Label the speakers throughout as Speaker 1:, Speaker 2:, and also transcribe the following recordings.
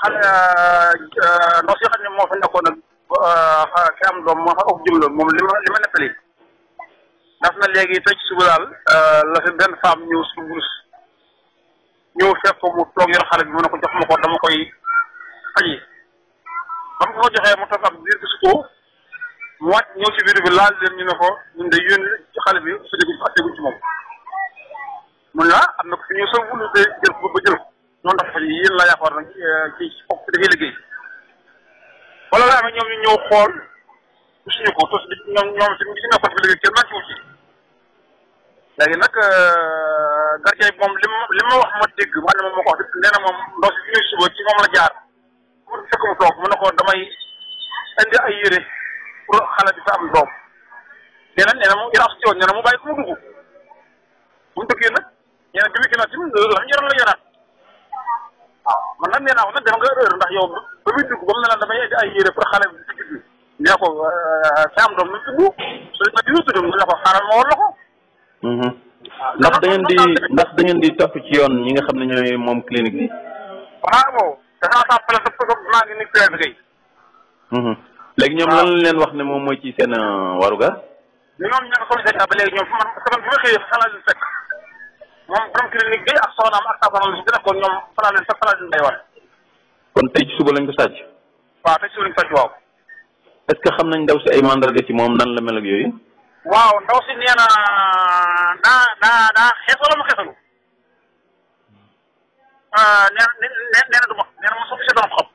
Speaker 1: xam euh, euh, noo si xam ne moo fa nekkoon nag euh, ki am doom moo fa ëpp jumla moom li ma li ma nettali daf na léegi tey ci suba daal la fi benn femme ñëw si burs ñëw fekk mu toog yor xale bi mu ne ko jox ma ko dama koy faji ba joxee mu toog ab diir gis ko mu wàcc ñëw ci biir bi laal leen ñu ne ko ñun de yónni ci xale bi su dee guñ moom mun la am na ko fi ñëw sa wulu de jël ba jël noonu dafa xel yéen la yaakaar nag kii euh, ci kooku dafay liggéey wala laa amee ñoom ñu ñëw xool suñu ko tos nit ñoom ñoom ci ñi nekkoon fi liggéey kenn naa ci wu ci léegi nag gardien euh, bi moom li ma li ma wax ma dégg ma ne moom ma ko wax nee na moom ndox si ñëw suba ci moom la jaar pour fekk mu toog mu ne ko damay indi ay yére pour xale bi fa am doom nee na nee na mu iraq ci woon nee na mu bàyyi ko mu dugg bu mu duggee nag nee na bi mu gënaat ci la ñu yoroon la yoraat man nag nee naa ko nag def nga erreur ndax yow ba muy dugg ba mu ne la damay ay yére pour xale bi si gis bi nee ko euh, nu tudd su nga diw nga la
Speaker 2: mm-hmm. ah, ndax da di ndax da di topp ci yoon ñi nga xam ne ñooy moom clinique bi waaw moom danaa tàmpale sa ko
Speaker 1: maa ngi nekk bi kay
Speaker 2: léegi ñoom lan lañ leen wax ne moom mooy ci seen euh, warugar
Speaker 1: ñoom ña nga solicité ba léegi ñoom man bi ma xëyee fa xalaat fekk moom borom clinique bi ak soxnaam ak safaram bi dina ko ñoom falaa
Speaker 2: leen sa falaa leen day war. kon tey ci suba lañ ko sàcc. waaw tey ci suba lañ ko sàcc waaw. est-ce que xam nañ ndaw si ay mandarga ci moom nan la mel ak yooyu.
Speaker 1: waaw ndaw si nee na daa daa daa xees wala mu xeesalu. Ah, nee na nee na du ma nee na ma soo gisee dama xam.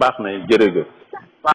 Speaker 2: baax na jërëjëf.